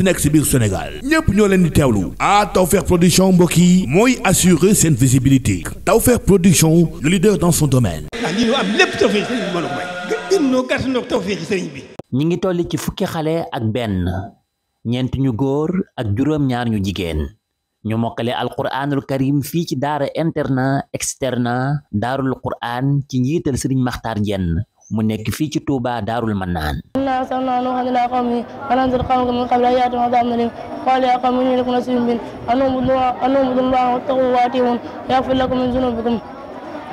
munti nekk si biir Sénégal ñépp ñoo leen di teewlu ah Tawfekh mbokk yi mooy assurer seen visibilité Tawfekh production le leader dans son domaine. Ah, ñu am ngi toll ci fukki xale ak benn ñeent ñu góor ak juróom-ñaar ñu jigéen. ñu mokkale alquraanul karim fii ci daara internat externat daarul quraan ci njiital sëriñ Maxtaar Jenn mu nekk fii ci Touba Daarul Manaan inna arsalnaa nuuhan ilaa qawmihi an anzir qawmaka min qabli an ya'tiyahum 'adhaabun aliim qaala yaa qawmi innii lakum rasuulun amiin an u'budu llaaha wattaquu waati'uun yaghfir lakum min dhunuubikum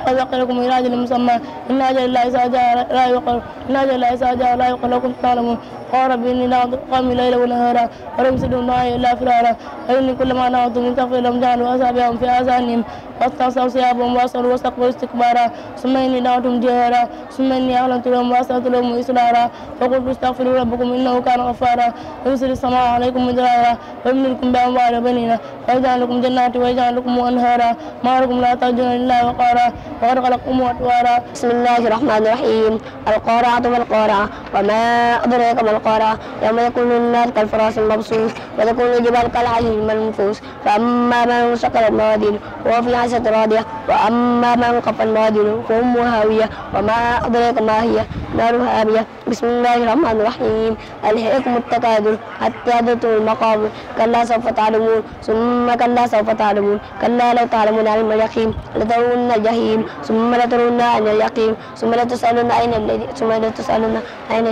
ويقول لكم إلى أجل مسمى إن أجل الله إذا جاء لا يقر إن أجل الله إذا جاء لا يقر لكم تعلمون قال رب إني لا أضل قومي ليلا ونهارا ولم يسدوا معي إلا فرارا وإني كلما نهضوا من تغفر لهم جعلوا أصابعهم في آذانهم واستعصوا ثيابهم وأصروا واستكبروا استكبارا ثم إني دعوتهم جهارا ثم إني أعلنت لهم وأسرت لهم إسرارا فقلت استغفروا ربكم إنه كان غفارا يرسل السماء عليكم مدرارا ويمددكم بأموال بنينا ويجعل لكم جنات ويجعل لكم أنهارا ما لكم لا ترجون إلا وقارا وقد خلقكم وطوارا بسم الله الرحمن الرحيم القارعة ما القارعة وما أدراك ما القارعة يوم يكون الناس كالفراش المبسوط وتكون الجبال كالعجل المنفوس فأما من سقط الموازين وهو في عيشة راضية وأما من خفت موازينه فأمه هاوية وما أدراك ما هي نار هامية بسم الله الرحمن الرحيم ألهيكم التكاثر حتى زرتم المقابر كلا سوف تعلمون ثم كلا سوف تعلمون كلا لو تعلمون علم اليقين لترون الجحيم ثم لترون عين اليقين ثم لتسألن أين ثم لتسألن أين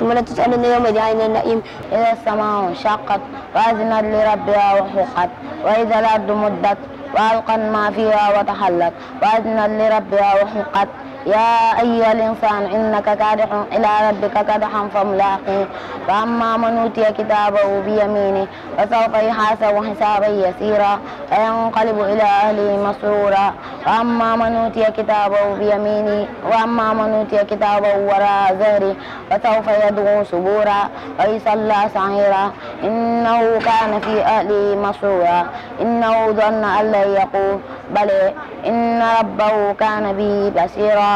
ثم لتسألن يومئذ عن النعيم إذا السماء انشقت وأذنت لربها وحقت وإذا الأرض مدت وألقت ما فيها وتحلت وأذنت لربها وحقت يا أيها الإنسان إنك كادح إلى ربك كدحا فملاقيه فأما من أوتي كتابه بيمينه فسوف يحاسب حسابا يسيرا وينقلب إلى أهله مسرورا وأما من أوتي كتابه بيمينه وأما من أوتي كتابه وراء ظهره فسوف يدعو سبورا ويصلى سعيرا إنه كان في أهله مسرورا إنه ظن أن لن يقول بل إن ربه كان به بصيرا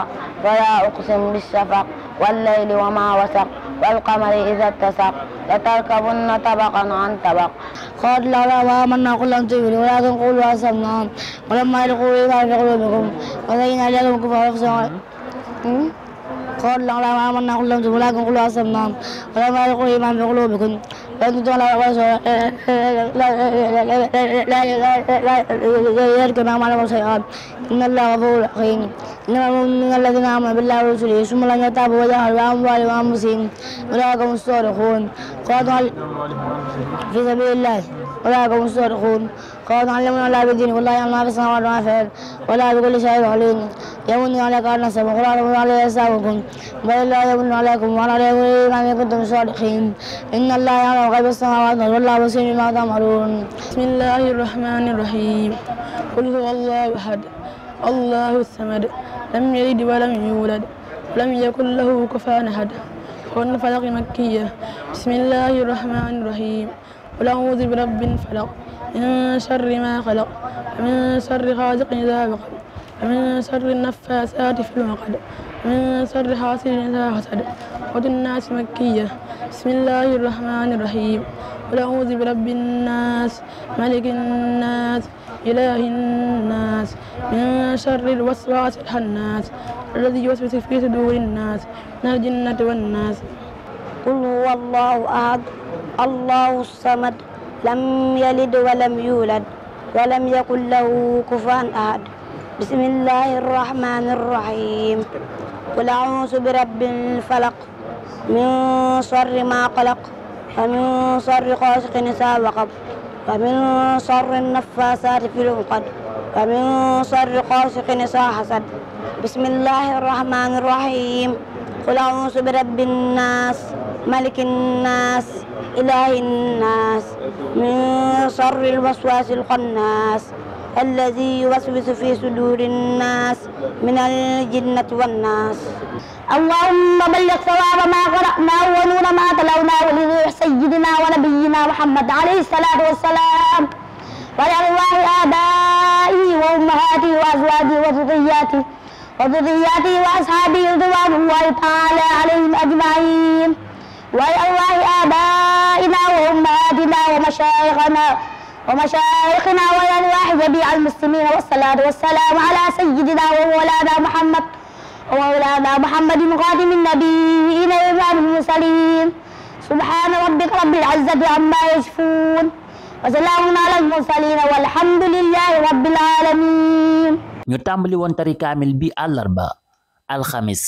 فلا أقسم بالشفق والليل وما وسق والقمر إذا اتسق لتركبن طبقا عن طبق قد لا لا آمنا قل لم تؤمنوا ولكن قولوا أسلمنا ولما يلقوا إيمان في قلوبكم وزين أجلهم كفر أنفسهم قد لا لا آمنا قل لم تؤمنوا ولكن قولوا أسلمنا ولما يلقوا إيمان في قلوبكم لا يرجع معهم على سيئات إن الله غفور رحيم إنما المؤمنون الذين آمنوا بالله ورسوله ثم لم يتابوا وجاهدوا بأموالهم وأنفسهم أولئك هم الصادقون قاتلوا في سبيل الله أولئك هم الصادقون قالوا تعلمنا لا بدين والله يعلم ما في السماوات وما في الأرض ولا بكل شيء عليم يمن عليك أن نسب قل أعلم على حسابكم بل الله يمن عليكم وعلى عليكم إن كنتم صادقين إن الله يعلم غيب السماوات والأرض والله بصير بما تعملون بسم الله الرحمن الرحيم قل هو الله أحد الله الصمد لم يلد ولم يولد ولم يكن له كفوا أحد كن فلق مكية بسم الله الرحمن الرحيم قل أعوذ برب الفلق من شر ما خلق ومن شر غاسق إذا وقب ومن شر النفاثات في العقد ومن شر حاسد إذا حسد عقد الناس مكية بسم الله الرحمن الرحيم قل أعوذ برب الناس ملك الناس إله الناس من شر الوسواس الخناس الذي يوسوس في صدور الناس من الجنة والناس قل هو الله أحد allahu samad lam yalid walam yulad walam yakun lahu kufuwan ahad bismillahi arrahmani arrahim qul a'uuzu bi rabbil falaq min sharri ma qalaq wa min sharri qaasiqin idhaa waqab wa min sharri naffaasaati fil 'uqad wa min sharri qaasiqin idhaa hasad bismillahi arrahmani arrahim qul a'uuzu bi rabbin naas malikin naas إله الناس من شر الوسواس الخناس الذي يوسوس في صدور الناس من الجنة والناس اللهم بلغ ثواب ما قرأناه ونور ما تلوناه لروح سيدنا ونبينا محمد عليه الصلاة والسلام ولأرواح آبائه وأمهاته وأزواجه وذرياته وذرياته وأصحابه رضوان الله تعالى عليهم أجمعين ولأرواح آبائه وآبائنا وأمهاتنا ومشايخنا ومشايخنا والأرواح جميع المسلمين والصلاة والسلام على سيدنا ومولانا محمد ومولانا محمد خاتم النبيين وإمام المرسلين سبحان ربك رب العزة عما يصفون وسلام على المرسلين والحمد لله رب العالمين ñu tàmbali woon tari kaamil bi àllarba alxamis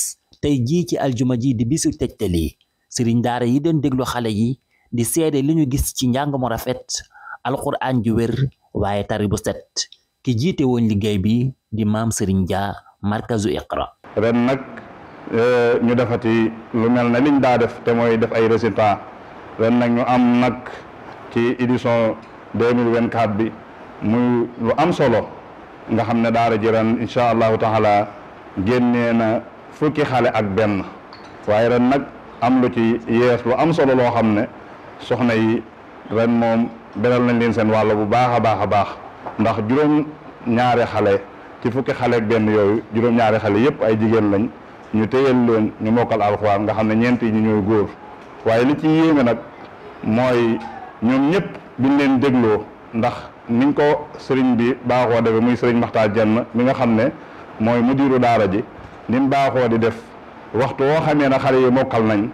tey jii ci aljuma ji di bisu tegtali sëriñ daara yi doon déglu xale yi di seede li ñu gis ci njàng mu rafet alxuraan ju wér waaye tari bu set ki jiite woon liggéey bi di maam Serigne Dia markazu iqra ren nag eh, ñu defati lu mel na liñ daa def te mooy def ay résitat ren nag ñu am nag ci édition 2024 bi muy lu am solo nga xam ne daara ji ren incha allahu taala génnee na fukki xale ak benn waaye ren nag am lu ci yees lu am solo loo xam ne soxna yi ren moom beral nañ leen seen wàll bu baax a baax a baax ndax juróom ñaari xale ci fukki xale ak benn yooyu juróom ñaari xale yëpp ay jigéen lañ ñu téyel leen ñu mokkal alxuraan nga xam ne ñeent yi ñu ñooy góor waaye li ci yéeme nag mooy ñoom ñëpp biñ leen dégloo ndax niñ ko sëriñ bi baaxoo defee muy sëriñ Maxtaar Jenn mi nga xam ne mooy mu mudiru daara ji ni baaxoo di def waxtu woo xamee na xale yi mokkal nañ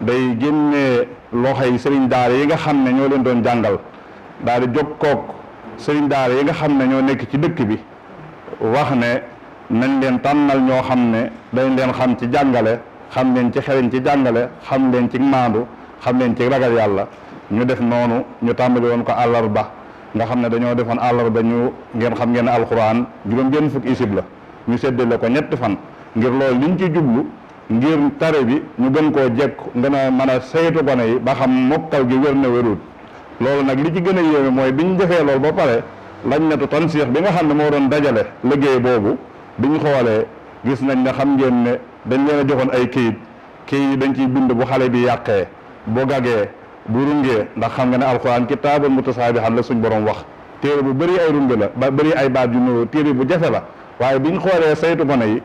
day génnee loxoy sëriñ daara yi nga xam ne ñoo leen doon jàngal daal di jokkoog sëriñ daara yi nga xam ne ñoo nekk ci dëkk bi wax ne nañ leen tànnal ñoo xam ne dañ leen xam ci jàngale xam leen ci xereñ ci jàngale xam leen ci maandu xam leen ci ragal yàlla ñu def noonu ñu tàmbali woon ko àllarba nga xam ne dañoo defoon àllarba ñu ngeen xam ngeen alxuraan juróom-benn fukki isib la ñu séddale ko ñetti fan ngir loolu liñ ci jublu ngir tare bi ñu gën koo jekk gën a mën a saytu gone yi ba xam mokkal gi wér na wérut loolu nag li ci gën a yéeme mooy bi ñu defee loolu ba pare lañ netu tansiix bi nga xam ne moo doon dajale liggéey boobu bi ñu xoolee gis nañ ne xam ngeen ne dañ leen joxoon ay kayit kayit yi dañ ciy bind bu xale bi yàqee bu gagee bu rungee ndax xam nga ne alxuraan kitaabun xam la suñ borom wax téere bu bëri ay runge la ba bëri ay baat yu nuroo téere bu jafe la waaye biñ xoolee saytu gone yi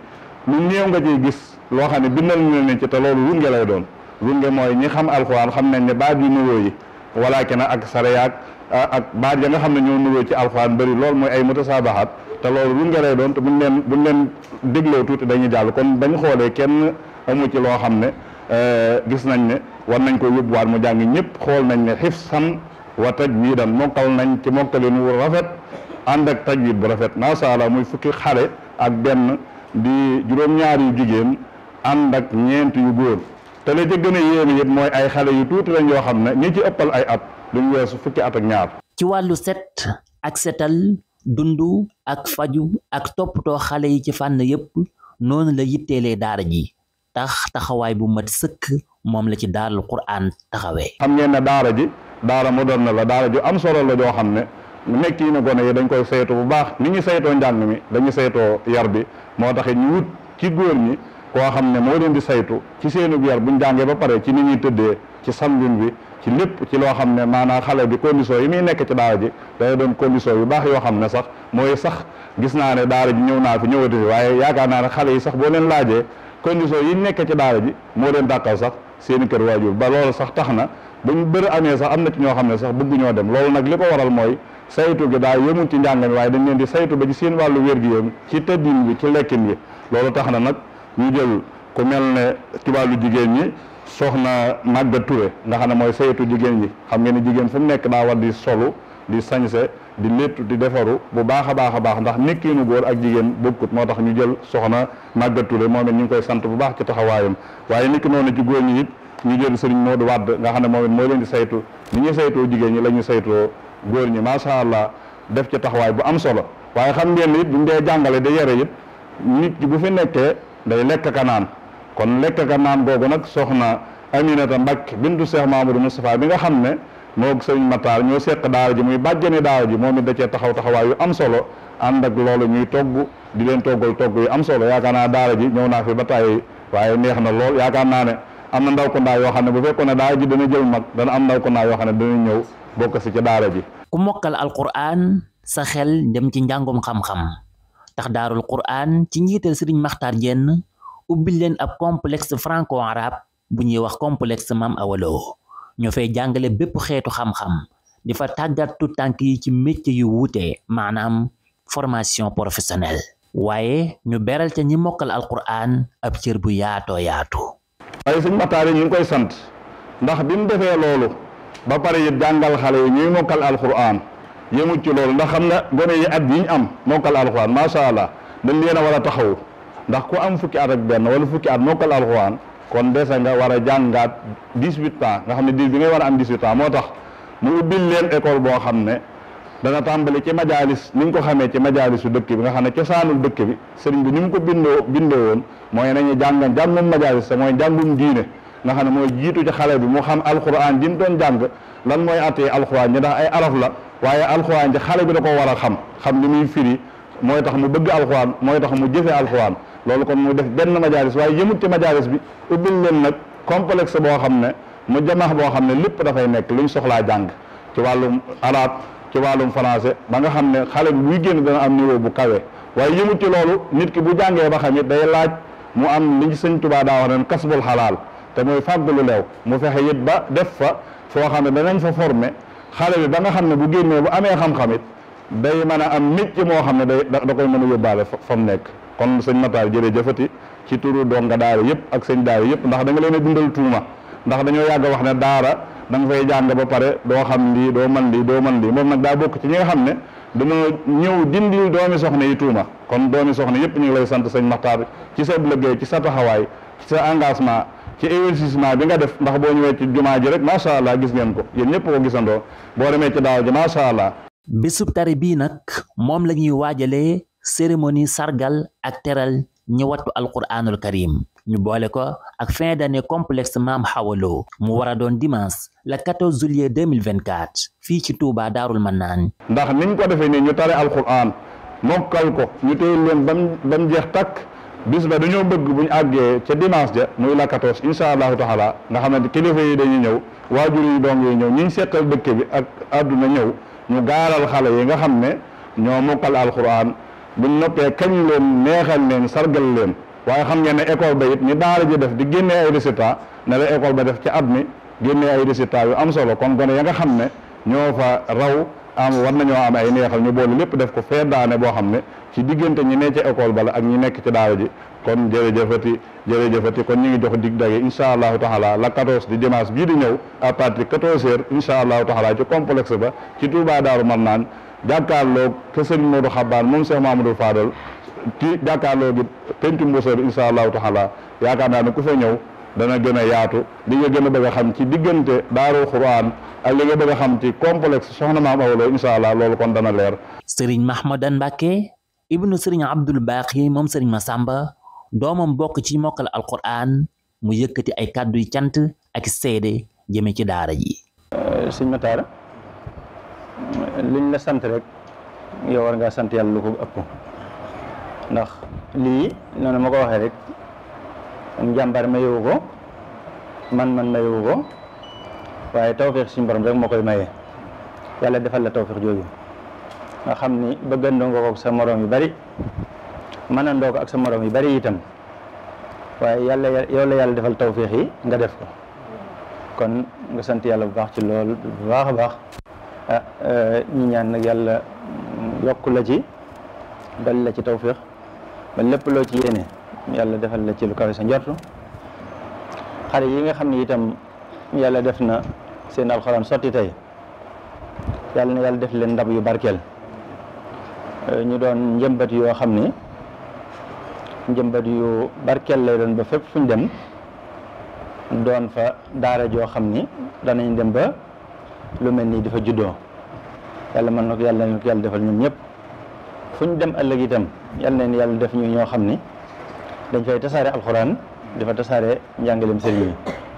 lu néew nga ciy gis loo xam ne bindal ñu ne ci te loolu wunge lay doon wunge mooy ñi xam alxuraan xam nañ ne baat yu nuróo yi walaakin ak sarayaak ak baat ya nga xam ne ñoo nuróo ci alxuraan bëri loolu mooy ay mutasaabaxaat te loolu wunge lay doon te buñ leen buñ leen dégloo tuuti dañuy jàll kon bañ xoolee kenn a ci loo xam ne e, gis nañ ne war nañ ko yóbbuwaat mu jàng ñëpp xool nañ ne xifsan wa tajwiidan mokkal nañ ci mokkalin wu rafet ànd ak tajwiid bu rafet macha allah muy fukki xale ak benn. di juróom-ñaar yu jigéen ànd ak ñeent yu góor te la ca gën a yéeme mooy ay xale yu tuuti lañ yoo xam ne ñi ci ëppal ay at duñ weesu fukki at ak ñaar. ci wàllu set ak setal dund ak faju ak toppatoo xale yi ci fànn yépp noonu la yitteelee daara ji tax taxawaay bu mat sëkk moom la ci daaral Qur'an taxawee. xam ngeen ne daara ji daara moderne la daara ju am solo la joo xam ne. nekk yi na gone yi dañ koy saytu bu baax ni ñu saytoo njàng mi dañu saytoo yar bi moo tax ñu wut ci góor ñi koo xam ne moo leen di saytu ci seenu yar buñ jàngee ba pare ci ni ñuy tëddee ci sambin bi ci lépp ci loo xam ne maanaa xale bi condition yi muy nekk ci daal ji day doon condition yu baax yoo xam ne sax mooy sax gis naa ne daal ji ñëw naa fi ñëwati fi waaye yaakaar naa ne xale yi sax boo leen laajee condition yi nekk ci daal ji moo leen dàqal sax seeni kër waajur ba loolu sax tax na ba ñu bëri amee sax am na ci ñoo xam ne sax bëgg ñoo dem loolu nag li ko waral mooy saytu gi daa yëmul ci njàng mi waaye dañ leen di saytu ba ci seen wàllu wér-gi-yëm ci tëddin bi ci lekkin bi loolu tax na nag ñu jël ku mel ne ci wàllu jigéen ñi soxna Maguette Touré nga xam ne mooy saytu jigéen ñi xam ngeen ne jigéen fu mu nekk daa war di solu di sañse di léttu di defaru bu baax a baax a baax ndax nekkiinu góor ak jigéen bokkut moo tax ñu jël soxna màggatule moom it ñu ngi koy sant bu baax ci taxawaayam waaye nekki noonu ci góor ñi it ñu jël sëriñ Modou Wade nga xam ne moom moo leen di saytu ni ñuy saytoo jigéen ñi la ñuy saytoo góor ñi macha allah def ci taxawaay bu am solo waaye xam ngeen it ñu dee jàngale di yare it nit ki bu fi nekkee day lekk ka naan kon lekk ka naan googu nag soxna Aminata Mbacke bintu Cheikh Mamadou Moustapha bi nga xam ne moog sëñ Matar ñoo seq daara ji muy bàjjani daara ji moom it da cee taxaw taxawaay am solo ànd ak loolu ñuy togg di leen toggal togg yu am solo yaakaar naa daara ji ñëw naa fi ba tàyyi waaye neex na lool yaakaar naa ne am na ndaw ko ndaa yoo xam ne bu fekkoon ne daara ji dana jël mag dana am ndaw ko ndaa yoo xam ne dana ñëw bokk si ci daara ji ku mokkal alquran sa xel dem ci njàngum xam-xam tax daarul quran ci njiital sëriñ Maxtaar Jenn ubbi leen ab complexe franco bu ñuy wax complexe Maam Awaloo ñoo fay jàngale bépp xeetu xam-xam di fa tàggat tu tànk yi ci métier yu wuute maanaam formation professionnel waaye ñu beral ca ñi mokkal alquran ab cër bu yaatoo yaatu waaye suñ mataari ñu ngi koy sant ndax bi mu defee loolu ba pare it jàngal xale yi ñuy mokkal alquran yëmut ci loolu ndax xam nga gone yi at yi ñu am mokkal alquran macha allah dañ leen a war a taxaw ndax ku am fukki at ak benn wala fukki at mokkal alquran kon dese nga war a jàngaat dix-huit ans nga xam ne di bi ngay war a am dix moo tax mu ubbil leen école boo xam ne dana tàmbali ci majalis ni ñu ko xamee ci majalisu dëkk bi nga xam ne cosaanu dëkk bi sëriñ bi ni mu ko bindoo bindoo woon mooy nañu jàngan jàngum majalis te mooy jàngum diine nga xam ne mooy jiitu ci xale bi mu xam alxuraan ji mu doon jàng lan mooy attee alxuraan ji ndax ay araf la waaye alxuraan ji xale bi da ko war a xam xam li muy firi mooy tax mu bëgg alxuraan mooy tax mu jëfe alxuraan loolu kon mu def benn majaalis waaye yëmut ci majaalis bi ubbil leen nag complexe boo xam ne mu jamaax boo xam ne lépp dafay nekk luñ soxlaa jàng ci wàllum arab ci wàllum français ba nga xam ne xale bi buy génn dana am niveau bu kawe waaye yëmut ci loolu nit ki bu jàngee ba xam it day laaj mu am li sëñ Tuubaa daa wax ne kasbul xalaal te mooy fàgg lu leew mu fexe it ba def fa foo xam ne danañ fa former xale bi ba nga xam ne bu génnee bu amee xam-xam it day a am métier moo xam ne day da koy mën a yóbbaale fa mu nekk. kon sëñ Matar jërëjëfati ci turu donga daara yëpp ak sëñ daara yëpp ndax da nga leen a dundal tuuma ndax dañoo yàgg wax ne daara da nga fay jàng ba pare doo xam lii doo man lii doo man lii moom nag daa bokk ci ñi nga xam ne dama ñëw dindil doomi soxna yi tuuma kon doomi soxna yëpp ñu ngi lay sant sëñ Matar ci sa liggéey ci sa taxawaay ci sa engagement ci investissement bi nga def ndax boo ñëwee ci jumaa ji rek macha allah gis ngeen ko yéen ñëpp ko gisandoo boo demee ci daaw ji macha allah. bésub tari bii nag moom la ñuy waajalee cérémonie sargal ak teral ñi wattu alquranul karim ñu boole ko ak fin d'année complexe maam xawaloo mu war a doon dimanche le 14 juillet 2024 fii ci Touba Daarul Mannaan ndax niñ ko defee nii ñu tare alquran mokkal ko ñu téye leen ba mu jeex takk bis ba dañoo bëgg bu ñu àggee ca dimanche ja muy la 14 incha allahu taala nga xamante kilifa yi dañuy ñëw waajur yi doom yi ñëw ñiñ seetal dëkk bi ak àdduna ñëw ñu gaaral xale yi nga xam ne ñoo mokkal alquran buñ noppee kañ leen neexal leen sargal leen waaye xam ngeen ne école ba it ni daara ji def di génnee ay résultats ne la école ba def ci at mi génnee ay résultats yu am solo kon gone ya nga xam ne ñoo fa raw am war nañoo am ay neexal ñu boole lépp def ko fee daane boo xam ne ci diggante ñi ne ci école ba la ak ñi nekk ci daara ji kon jërëjëfati jërëjëfati kon ñu ngi jox dig dage incha allahu taala la 14 di dimanche bii di ñëw à partir 14 heures incha allahu taala ci complexe ba ci Touba Daaru jàkkaarloog te sëñ Modou Xabaan moom Cheikh Mamadou Fadal ci jàkkaarloo gi penc Mbusoobe insha allahu taala yaakaar naa ne ku fa ñëw dana gën yaatu li nga gën a bëgg xam ci diggante daaru xuraan ak li nga bëgg a xam ci complexe soxna maam awloo insha allah loolu kon dana leer sëriñ mahmadan mbàkke ibnu sëriñ abdul baaqi moom sëriñ sàmba doomam bokk ci mokkal alquran mu yëkkati ay kàddu yi cant ak seede jëme ci daara ji euh, sëñ Mataara liñ la sant rek yow war ngaa sant yàlla lu ko ëpp ndax lii noonu ma ko waxee rek njàmbaar ma yowu ko man-man ma yowu ko waaye tawféex suñu borom rek moo koy maye yàlla defal la tawféex jooju nga xam ni bëggandoo nga ko ak sa moroom yu bari mënandoo ko ak sa moroom yu bari itam waaye yàlla yàlla defal tawféex yi nga def ko kon nga sant yàlla bu baax ci loolu bu baax a baax ah eh, ñaan nag yàlla yokk la ci dal la ci tawfiix ba lépp loo ci yéene yàlla defal la ci lu kawe sa njortu xale yi nga xam ne itam yàlla def na seen alxuraan sotti tey yàlla na yàlla def leen ndab yu barkeel eh, ñu doon njëmbat yoo xam ni njëmbët yu barkeel lay doon ba fépp fu ñu dem doon fa daara joo xam ni danañ dem ba lu mel nii dafa juddoo yàlla mën na yàlla nañu ko yàlla defal ñun ñëpp fu ñu dem ëllëg itam yàlla neen yàlla def ñu ñoo xam ni dañ fay tasaare alxuraan dafa tasaare njàngaleem sëriñ yi